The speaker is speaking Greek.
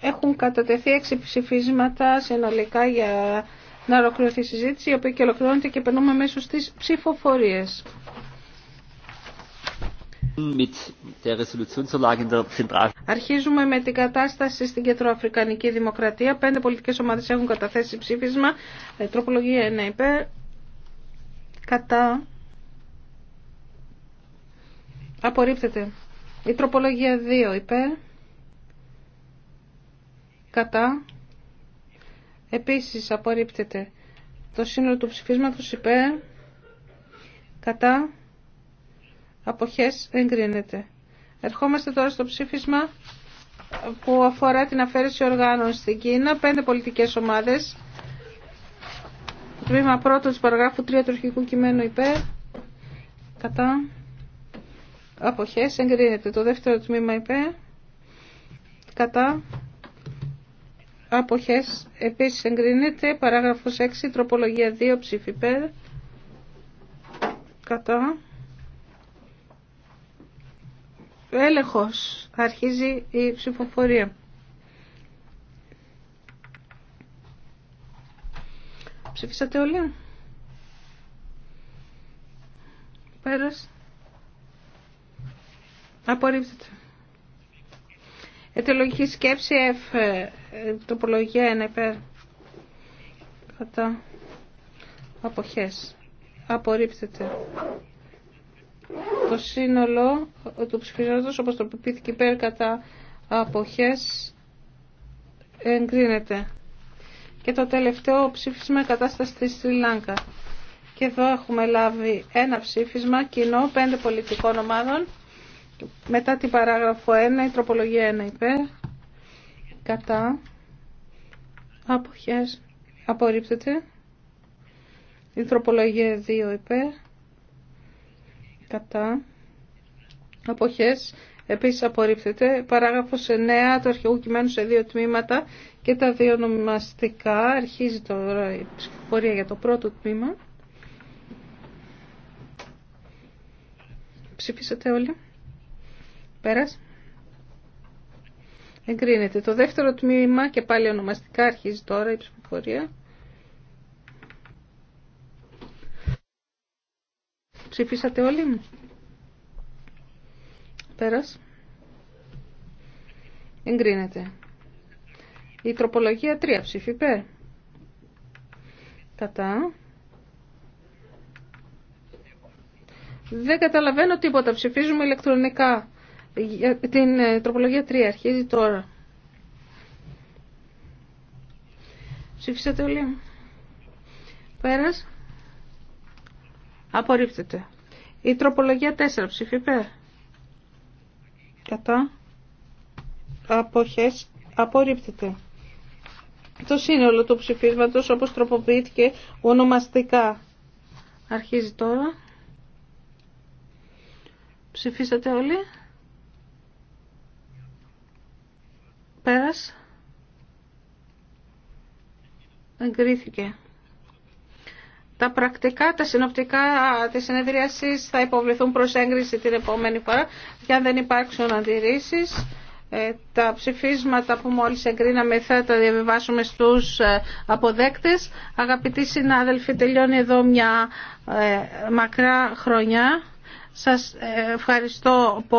Έχουν κατατεθεί έξι ψηφίσματα συνολικά για να ολοκληρωθεί η συζήτηση, η οποία και ολοκληρώνεται και περνούμε μέσω στι ψηφοφορίε. Αρχίζουμε με την κατάσταση στην Κεντροαφρικανική Δημοκρατία. Πέντε πολιτικές ομάδες έχουν καταθέσει ψήφισμα. Ε, τροπολογία 1 υπέρ. Κατά. Απορρίπτεται. Η τροπολογία 2 υπέρ κατά, επίσης απορρίπτεται. Το σύνολο του ψηφίσματος υπέρ, κατά, αποχές εγκρίνεται. Ερχόμαστε τώρα στο ψήφισμα που αφορά την αφαίρεση οργάνων στην Κίνα. Πέντε πολιτικές ομάδες. Τμήμα πρώτο της παραγράφου 3 του αρχικού κειμένου υπέρ. Κατά. Αποχές εγκρίνεται. Το δεύτερο τμήμα υπέρ. Κατά. Αποχές επίσης εγκρίνεται. Παράγραφος 6, τροπολογία 2, ψήφι πέρα. Κατά. Έλεγχος. Αρχίζει η ψηφοφορία. Ψηφίσατε όλοι. Πέρας. Απορρίπτεται τελογική σκέψη F, ε, τοπολογία 1 υπέρ κατά αποχές. Απορρίπτεται. Το σύνολο του ψηφιζόντος όπως πείθηκε υπέρ κατά αποχές εγκρίνεται. Και το τελευταίο ψήφισμα κατάσταση στη Σρι Λάνκα. Και εδώ έχουμε λάβει ένα ψήφισμα κοινό πέντε πολιτικών ομάδων. Μετά την παράγραφο 1, η τροπολογία 1 υπέρ, κατά, αποχές, απορρίπτεται. Η τροπολογία 2 υπέρ, κατά, αποχές, επίσης απορρίπτεται. Παράγραφος 9 το αρχηγού κειμένου σε δύο τμήματα και τα δύο νομιμαστικά. Αρχίζει τώρα η ψηφοφορία για το πρώτο τμήμα. Ψηφίσατε όλοι. Πέρας. Εγκρίνεται. Το δεύτερο τμήμα και πάλι ονομαστικά αρχίζει τώρα η ψηφοφορία. Ψηφίσατε όλοι μου. Πέρας. Εγκρίνεται. Η τροπολογία 3 ψήφι υπέρ. Κατά. Δεν καταλαβαίνω τίποτα. Ψηφίζουμε ηλεκτρονικά. Την ε, τροπολογία 3 αρχίζει τώρα. Ψήφισατε όλοι. Πέρας. Απορρίπτεται. Η τροπολογία 4 ψηφίπε. Κατά. Αποχές. Απορρίπτεται. Το σύνολο του ψηφίσματος όπως τροποποιήθηκε ονομαστικά. Αρχίζει τώρα. Ψηφίσατε όλοι. Πέρας. Εγκρίθηκε. Τα πρακτικά, τα συνοπτικά της συνεδρίασης θα υποβληθούν προς έγκριση την επόμενη φορά και αν δεν υπάρξουν αντιρρήσεις ε, τα ψηφίσματα που μόλις εγκρίναμε θα τα διαβιβάσουμε στους ε, αποδέκτες. Αγαπητοί συνάδελφοι, τελειώνει εδώ μια ε, μακρά χρονιά. Σας ευχαριστώ πολύ.